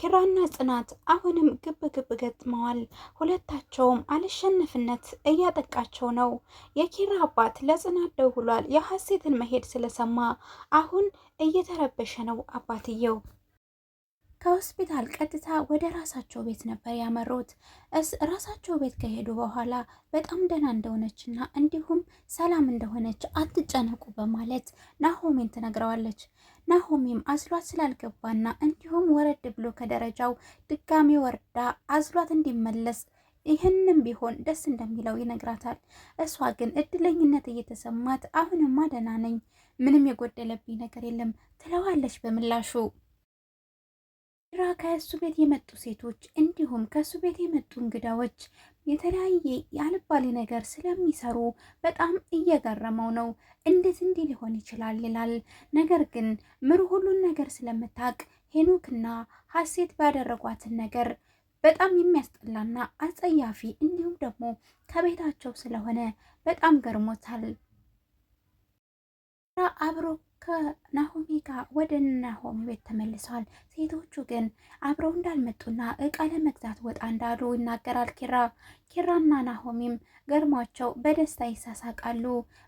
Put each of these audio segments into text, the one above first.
ኪራና ጽናት አሁንም ግብ ግብ ገጥመዋል። ሁለታቸውም አልሸነፍነት እያጠቃቸው ነው። የኪራ አባት ለጽናት ደውሏል። የሀሴትን መሄድ ስለሰማ አሁን እየተረበሸ ነው አባትየው ከሆስፒታል ቀጥታ ወደ ራሳቸው ቤት ነበር ያመሩት። እስ ራሳቸው ቤት ከሄዱ በኋላ በጣም ደህና እንደሆነችና እንዲሁም ሰላም እንደሆነች አትጨነቁ በማለት ናሆሜን ትነግረዋለች። ናሆሚም አዝሏት ስላልገባና እንዲሁም ወረድ ብሎ ከደረጃው ድጋሚ ወርዳ አዝሏት እንዲመለስ ይህንም ቢሆን ደስ እንደሚለው ይነግራታል። እሷ ግን እድለኝነት እየተሰማት አሁንማ ደህና ነኝ፣ ምንም የጎደለብኝ ነገር የለም ትለዋለች በምላሹ ራ ከእሱ ቤት የመጡ ሴቶች እንዲሁም ከእሱ ቤት የመጡ እንግዳዎች የተለያየ ያልባሌ ነገር ስለሚሰሩ በጣም እየገረመው ነው። እንዴት እንዲህ ሊሆን ይችላል ይላል። ነገር ግን ምሩ ሁሉን ነገር ስለምታውቅ ሄኖክና ሀሴት ባደረጓትን ነገር በጣም የሚያስጠላና አጸያፊ እንዲሁም ደግሞ ከቤታቸው ስለሆነ በጣም ገርሞታል። አብሮ ከናሆሜ ጋር ወደ ናሆሜ ቤት ተመልሰዋል። ሴቶቹ ግን አብረው እንዳልመጡና እቃ ለመግዛት ወጣ እንዳሉ ይናገራል ኪራ። ኪራና ናሆሜም ገርሟቸው በደስታ ይሳሳቃሉ።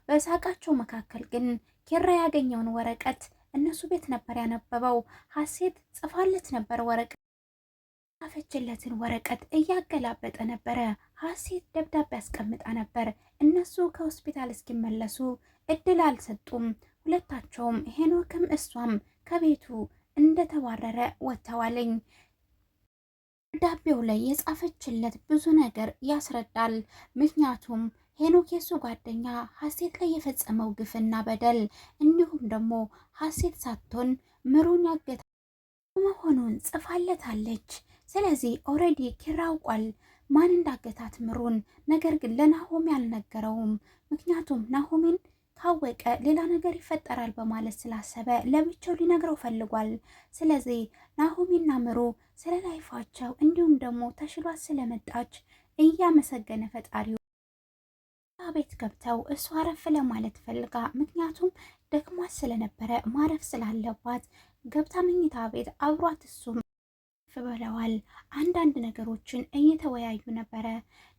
በሳቃቸው መካከል ግን ኪራ ያገኘውን ወረቀት እነሱ ቤት ነበር ያነበበው። ሀሴት ጽፋለት ነበር ወረቀት ጻፈችለትን ወረቀት እያገላበጠ ነበረ። ሀሴት ደብዳቤ አስቀምጣ ነበር። እነሱ ከሆስፒታል እስኪመለሱ እድል አልሰጡም። ሁለታቸውም ሄኖክም እሷም ከቤቱ እንደተባረረ ወጥተዋልኝ። ደብዳቤው ላይ የጻፈችለት ብዙ ነገር ያስረዳል። ምክንያቱም ሄኖክ የሱ ጓደኛ ሀሴት ላይ የፈጸመው ግፍና በደል እንዲሁም ደግሞ ሀሴት ሳትሆን ምሩን ያገታ መሆኑን ጽፋለታለች። ስለዚህ ኦልሬዲ ኪራ አውቋል ማን እንዳገታት ምሩን። ነገር ግን ለናሆሜ አልነገረውም። ምክንያቱም ናሆሚን ታወቀ ሌላ ነገር ይፈጠራል በማለት ስላሰበ ለብቻው ሊነግረው ፈልጓል። ስለዚህ ናሆሚና ምሮ ስለ ላይፋቸው እንዲሁም ደግሞ ተሽሏት ስለመጣች እያመሰገነ ፈጣሪው ቤት ገብተው እሱ አረፍ ለማለት ፈልጋ ምክንያቱም ደክሟት ስለነበረ ማረፍ ስላለባት ገብታ መኝታ ቤት አብሯት እሱም ብለዋል። አንዳንድ ነገሮችን እየተወያዩ ነበረ።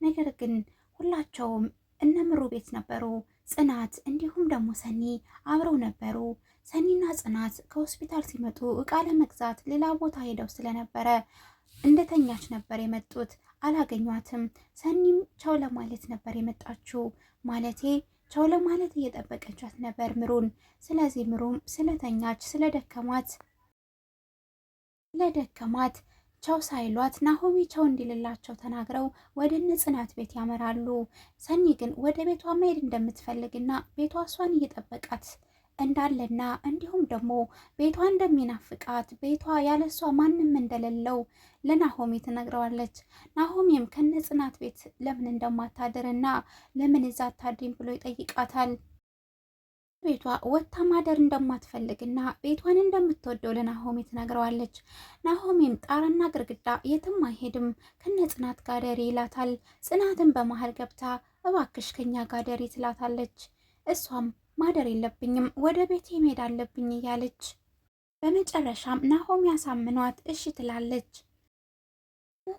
ነገር ግን ሁላቸውም እነ ምሩ ቤት ነበሩ። ጽናት እንዲሁም ደግሞ ሰኒ አብረው ነበሩ። ሰኒና ጽናት ከሆስፒታል ሲመጡ እቃ ለመግዛት ሌላ ቦታ ሄደው ስለነበረ እንደተኛች ነበር የመጡት። አላገኟትም። ሰኒም ቻው ለማለት ነበር የመጣችው። ማለቴ ቻው ለማለት እየጠበቀቻት ነበር ምሩን። ስለዚህ ምሩም ስለተኛች ስለደከማት ስለደከማት ቸው ሳይሏት ናሆሚ ቸው እንዲልላቸው ተናግረው ወደ ጽናት ቤት ያመራሉ። ሰኒ ግን ወደ ቤቷ መሄድ እንደምትፈልግና ቤቷ እሷን እየጠበቃት እንዳለና እንዲሁም ደግሞ ቤቷ እንደሚናፍቃት ቤቷ ያለሷ ማንም እንደሌለው ለናሆሚ ትነግረዋለች። ናሆሚም ከነ ጽናት ቤት ለምን እንደማታድርና ለምን እዛ አታድሪም ብሎ ይጠይቃታል። ቤቷ ወጥታ ማደር እንደማትፈልግና ቤቷን እንደምትወደው ለናሆሜ ትነግረዋለች። ናሆሜም ጣራና ግርግዳ የትም አይሄድም ከነ ጽናት ጋደሪ ይላታል። ጽናትን በመሀል ገብታ እባክሽ ከኛ ጋደሪ ትላታለች። እሷም ማደር የለብኝም ወደ ቤቴ መሄድ አለብኝ እያለች በመጨረሻም ናሆሜ ያሳምኗት እሺ ትላለች።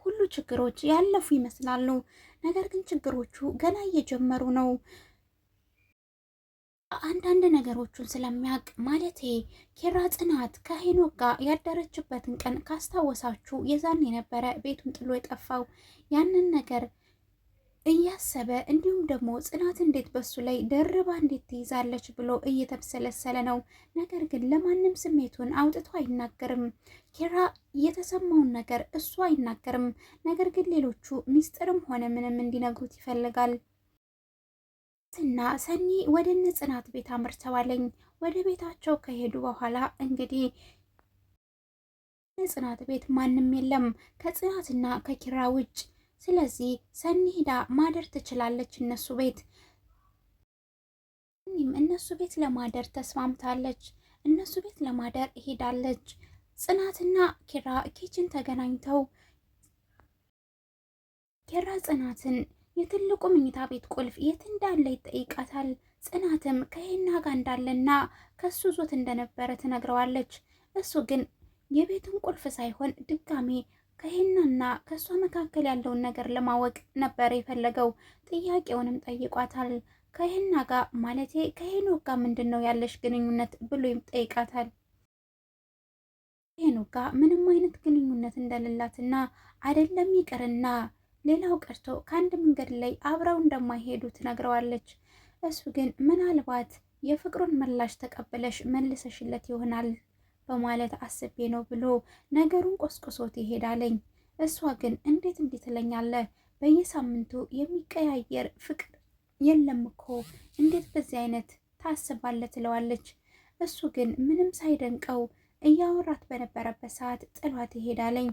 ሁሉ ችግሮች ያለፉ ይመስላሉ። ነገር ግን ችግሮቹ ገና እየጀመሩ ነው። አንዳንድ ነገሮቹን ስለሚያውቅ ማለቴ ኪራ ጽናት ከሄኖክ ጋር ያደረችበትን ቀን ካስታወሳችሁ የዛን የነበረ ቤቱን ጥሎ የጠፋው ያንን ነገር እያሰበ እንዲሁም ደግሞ ጽናት እንዴት በሱ ላይ ደርባ እንዴት ትይዛለች ብሎ እየተብሰለሰለ ነው። ነገር ግን ለማንም ስሜቱን አውጥቶ አይናገርም። ኪራ የተሰማውን ነገር እሱ አይናገርም። ነገር ግን ሌሎቹ ሚስጥርም ሆነ ምንም እንዲነግሩት ይፈልጋል። ትዕግስትና ሰኒ ወደ እነ ጽናት ቤት አምርተዋለኝ። ወደ ቤታቸው ከሄዱ በኋላ እንግዲህ ጽናት ቤት ማንም የለም ከጽናትና ከኪራ ውጭ። ስለዚህ ሰኒ ሂዳ ማደር ትችላለች እነሱ ቤት። ሰኒም እነሱ ቤት ለማደር ተስማምታለች። እነሱ ቤት ለማደር ሄዳለች። ጽናትና ኪራ ኪችን ተገናኝተው ኪራ ጽናትን የትልቁ መኝታ ቤት ቁልፍ የት እንዳለ ይጠይቃታል። ጽናትም ከሄና ጋር እንዳለና ከሱ ዞት እንደነበረ ትነግረዋለች። እሱ ግን የቤቱን ቁልፍ ሳይሆን ድጋሜ ከሄናና ከእሷ መካከል ያለውን ነገር ለማወቅ ነበር የፈለገው። ጥያቄውንም ጠይቋታል። ከሄና ጋር ማለቴ ከሄኖክ ጋር ምንድን ነው ያለሽ ግንኙነት ብሎ ይጠይቃታል። ከሄኖክ ጋር ምንም አይነት ግንኙነት እንደሌላትና አይደለም ይቅርና ሌላው ቀርቶ ከአንድ መንገድ ላይ አብረው እንደማይሄዱ ትነግረዋለች። እሱ ግን ምናልባት የፍቅሩን ምላሽ ተቀበለሽ መልሰሽለት ይሆናል በማለት አስቤ ነው ብሎ ነገሩን ቆስቆሶት ይሄዳለኝ። እሷ ግን እንዴት እንዲህ ትለኛለ በየሳምንቱ የሚቀያየር ፍቅር የለም እኮ እንዴት በዚህ አይነት ታስባለ ትለዋለች። እሱ ግን ምንም ሳይደንቀው እያወራት በነበረበት ሰዓት ጥሏት ይሄዳለኝ።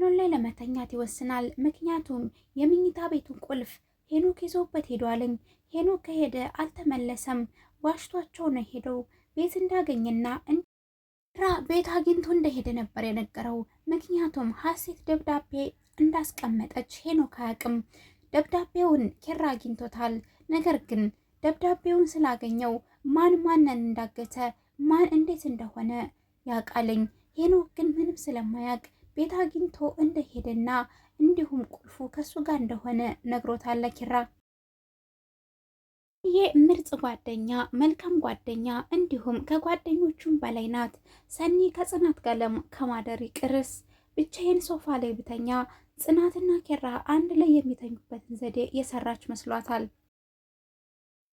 ሄኖክ ላይ ለመተኛት ይወስናል። ምክንያቱም የመኝታ ቤቱን ቁልፍ ሄኖክ ይዞበት ሄዷልኝ። ሄኖክ ከሄደ አልተመለሰም። ዋሽቷቸው ነው ሄደው ቤት እንዳገኘና ራ ቤት አግኝቶ እንደሄደ ነበር የነገረው። ምክንያቱም ሀሴት ደብዳቤ እንዳስቀመጠች ሄኖክ አያውቅም። ደብዳቤውን ኪራ አግኝቶታል። ነገር ግን ደብዳቤውን ስላገኘው ማን ማንን እንዳገተ ማን እንዴት እንደሆነ ያውቃልኝ። ሄኖክ ግን ምንም ስለማያውቅ ቤት አግኝቶ እንደሄደና እንዲሁም ቁልፉ ከሱ ጋር እንደሆነ ነግሮታል ኪራ። ይህ ምርጥ ጓደኛ፣ መልካም ጓደኛ እንዲሁም ከጓደኞቹም በላይ ናት። ሰኒ ከጽናት ጋር ከማደር ይቅርስ ብቻዬን ሶፋ ላይ ብተኛ ጽናትና ኪራ አንድ ላይ የሚተኙበትን ዘዴ የሰራች መስሏታል።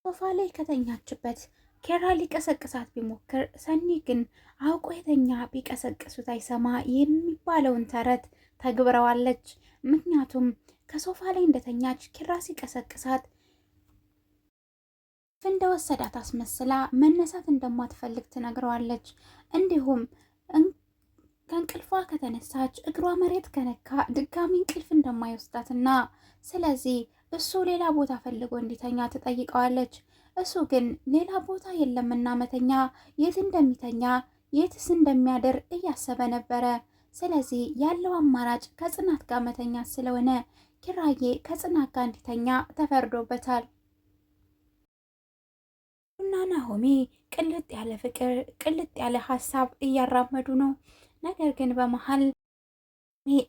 ሶፋ ላይ ከተኛችበት ኬራ ሊቀሰቅሳት ቢሞክር ሰኒ ግን አውቆ የተኛ ቢቀሰቅሱት አይሰማ የሚባለውን ተረት ተግብረዋለች። ምክንያቱም ከሶፋ ላይ እንደተኛች ኬራ ሲቀሰቅሳት እንደወሰዳት አስመስላ መነሳት እንደማትፈልግ ትነግረዋለች። እንዲሁም ከእንቅልፏ ከተነሳች እግሯ መሬት ከነካ ድጋሚ እንቅልፍ እንደማይወስዳትና ስለዚህ እሱ ሌላ ቦታ ፈልጎ እንዲተኛ ትጠይቀዋለች። እሱ ግን ሌላ ቦታ የለምና መተኛ የት እንደሚተኛ የትስ እንደሚያደር እያሰበ ነበረ። ስለዚህ ያለው አማራጭ ከጽናት ጋር መተኛ ስለሆነ ኪራዬ ከጽናት ጋር እንዲተኛ ተፈርዶበታል። እና ናሆሚ ቅልጥ ያለ ፍቅር፣ ቅልጥ ያለ ሀሳብ እያራመዱ ነው። ነገር ግን በመሀል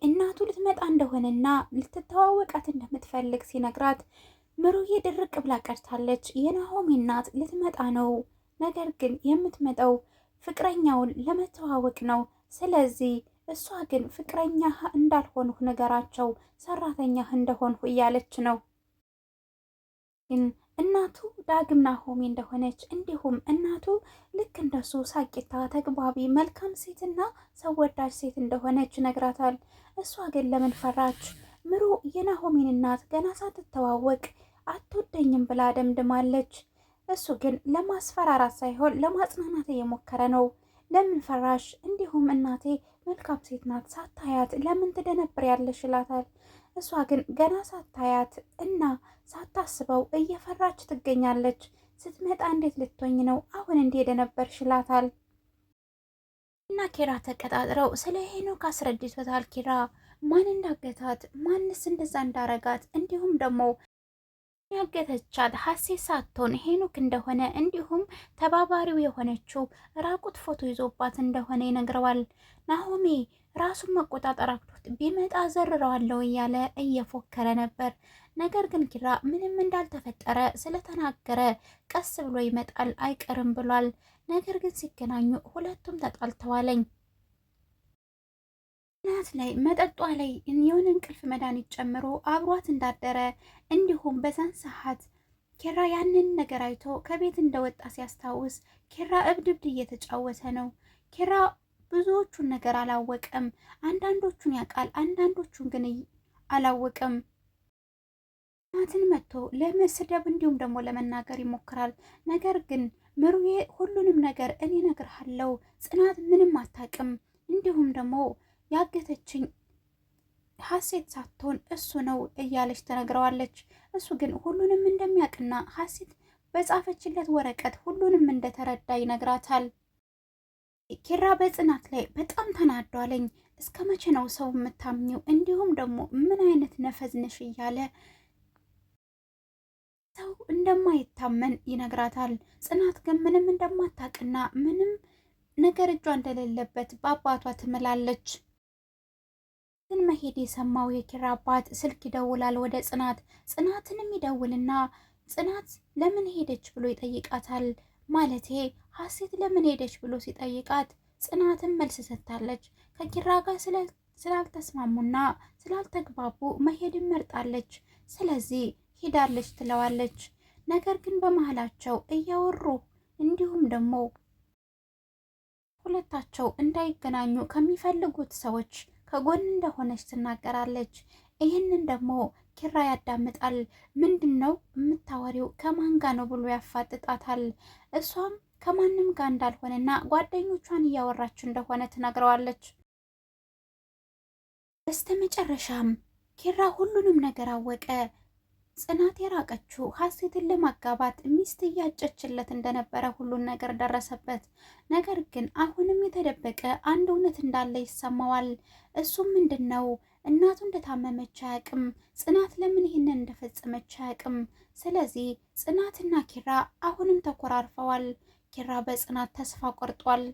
እናቱ ልትመጣ እንደሆነና ልትተዋወቃት እንደምትፈልግ ሲነግራት ምሩዬ ድርቅ ብላ ቀርታለች። የናሆሚ እናት ልትመጣ ነው። ነገር ግን የምትመጣው ፍቅረኛውን ለመተዋወቅ ነው። ስለዚህ እሷ ግን ፍቅረኛ እንዳልሆንሁ ነገራቸው፣ ሰራተኛ እንደሆንሁ እያለች ነው። ግን እናቱ ዳግም ናሆሚ እንደሆነች እንዲሁም እናቱ ልክ እንደሱ ሳቂታ፣ ተግባቢ፣ መልካም ሴትና ሰው ወዳጅ ሴት እንደሆነች ይነግራታል። እሷ ግን ለምን ፈራች? ምሩ የናሆሚን እናት ገና ሳትተዋወቅ አትወደኝም ብላ ደምድማለች። እሱ ግን ለማስፈራራት ሳይሆን ለማጽናናት እየሞከረ ነው። ለምን ፈራሽ? እንዲሁም እናቴ መልካም ሴት ናት፣ ሳታያት ለምን ትደነብር ያለሽ ይላታል። እሷ ግን ገና ሳታያት እና ሳታስበው እየፈራች ትገኛለች። ስትመጣ እንዴት ልትሆኝ ነው አሁን እንዲህ ደነበር ይላታል። እና ኪራ ተቀጣጥረው ስለ ሄኖክ አስረድቶታል። ኪራ ማን እንዳገታት፣ ማንስ እንደዛ እንዳረጋት እንዲሁም ደግሞ ያገተቻት ሀሴት ሳትሆን ሄኖክ እንደሆነ እንዲሁም ተባባሪው የሆነችው ራቁት ፎቶ ይዞባት እንደሆነ ይነግረዋል። ናሆሜ ራሱን መቆጣጠር አቅቶት ቢመጣ ዘርረዋለው እያለ እየፎከረ ነበር። ነገር ግን ኪራ ምንም እንዳልተፈጠረ ስለተናገረ ቀስ ብሎ ይመጣል አይቀርም ብሏል። ነገር ግን ሲገናኙ ሁለቱም ተጣልተዋለኝ። ራት ላይ መጠጧ ላይ የሆነ እንቅልፍ መድኃኒት ጨምሮ አብሯት እንዳደረ እንዲሁም በዛን ሰዓት ኪራ ያንን ነገር አይቶ ከቤት እንደወጣ ሲያስታውስ ኪራ እብድ እብድ እየተጫወተ ነው። ኪራ ብዙዎቹን ነገር አላወቀም። አንዳንዶቹን ያውቃል፣ አንዳንዶቹን ግን አላወቀም። ናትን መጥቶ ለመስደብ እንዲሁም ደግሞ ለመናገር ይሞክራል። ነገር ግን ምሩዬ ሁሉንም ነገር እኔ እነግርሃለሁ፣ ጽናት ምንም አታውቅም፣ እንዲሁም ደግሞ ያገተችኝ ሀሴት ሳትሆን እሱ ነው እያለች ተነግረዋለች። እሱ ግን ሁሉንም እንደሚያውቅና ሀሴት በጻፈችለት ወረቀት ሁሉንም እንደተረዳ ይነግራታል። ኪራ በጽናት ላይ በጣም ተናዷለኝ። እስከ መቼ ነው ሰው የምታምኘው? እንዲሁም ደግሞ ምን አይነት ነፈዝ ነሽ እያለ ሰው እንደማይታመን ይነግራታል። ጽናት ግን ምንም እንደማታውቅና ምንም ነገር እጇ እንደሌለበት በአባቷ ትምላለች። ግን መሄድ የሰማው የኪራ አባት ስልክ ይደውላል ወደ ጽናት። ጽናትንም ይደውልና ጽናት ለምን ሄደች ብሎ ይጠይቃታል። ማለቴ ሀሴት ለምን ሄደች ብሎ ሲጠይቃት ጽናትን መልስ ሰጥታለች። ከኪራ ጋር ስላልተስማሙና ስላልተግባቡ መሄድን መርጣለች። ስለዚህ ሄዳለች ትለዋለች። ነገር ግን በመሃላቸው እያወሩ እንዲሁም ደግሞ ሁለታቸው እንዳይገናኙ ከሚፈልጉት ሰዎች ከጎን እንደሆነች ትናገራለች። ይህንን ደግሞ ኪራ ያዳምጣል። ምንድን ነው የምታወሪው? ከማን ጋ ነው ብሎ ያፋጥጣታል። እሷም ከማንም ጋር እንዳልሆነና ጓደኞቿን እያወራች እንደሆነ ትነግረዋለች። በስተመጨረሻም ኪራ ሁሉንም ነገር አወቀ። ጽናት የራቀችው ሀሴትን ለማጋባት ሚስት እያጨችለት እንደነበረ ሁሉን ነገር ደረሰበት። ነገር ግን አሁንም የተደበቀ አንድ እውነት እንዳለ ይሰማዋል። እሱም ምንድን ነው? እናቱ እንደታመመች አያውቅም። ጽናት ለምን ይህንን እንደፈጸመች አያውቅም። ስለዚህ ጽናትና ኪራ አሁንም ተኮራርፈዋል። ኪራ በጽናት ተስፋ ቆርጧል።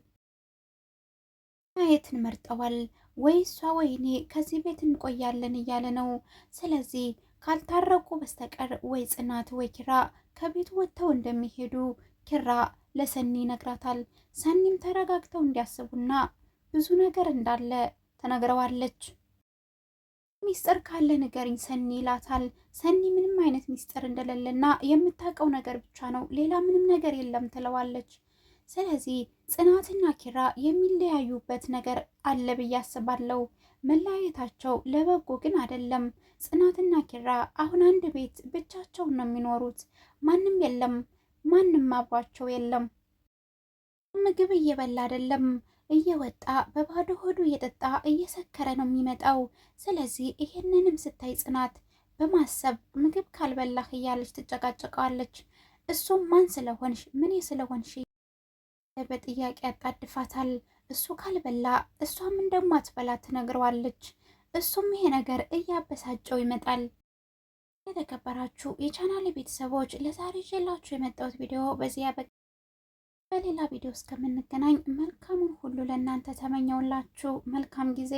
ማየትን መርጠዋል። ወይ እሷ ወይ ከዚህ ቤት እንቆያለን እያለ ነው። ስለዚህ ካልታረቁ በስተቀር ወይ ጽናት ወይ ኪራ ከቤት ወጥተው እንደሚሄዱ ኪራ ለሰኒ ይነግራታል። ሰኒም ተረጋግተው እንዲያስቡና ብዙ ነገር እንዳለ ተነግረዋለች። ሚስጥር ካለ ንገሪኝ ሰኒ ይላታል። ሰኒ ምንም አይነት ሚስጥር እንደሌለና የምታውቀው ነገር ብቻ ነው ሌላ ምንም ነገር የለም ትለዋለች። ስለዚህ ጽናትና ኪራ የሚለያዩበት ነገር አለ ብዬ አስባለሁ። መለያየታቸው ለበጎ ግን አይደለም። ጽናትና ኪራ አሁን አንድ ቤት ብቻቸውን ነው የሚኖሩት። ማንም የለም፣ ማንም አብሯቸው የለም። ምግብ እየበላ አይደለም፣ እየወጣ በባዶ ሆዱ እየጠጣ እየሰከረ ነው የሚመጣው። ስለዚህ ይሄንንም ስታይ ጽናት በማሰብ ምግብ ካልበላህ እያለች ትጨቃጨቀዋለች። እሱም ማን ስለሆንሽ ምን ስለሆንሽ በጥያቄ ያጣድፋታል። እሱ ካልበላ እሷም እንደማትበላ ትነግረዋለች። እሱም ይሄ ነገር እያበሳጨው ይመጣል። የተከበራችሁ የቻናል ቤተሰቦች ለዛሬ ይዤላችሁ የመጣሁት ቪዲዮ በዚህ ያበቃ። በሌላ ቪዲዮ እስከምንገናኝ መልካሙን ሁሉ ለእናንተ ተመኘውላችሁ። መልካም ጊዜ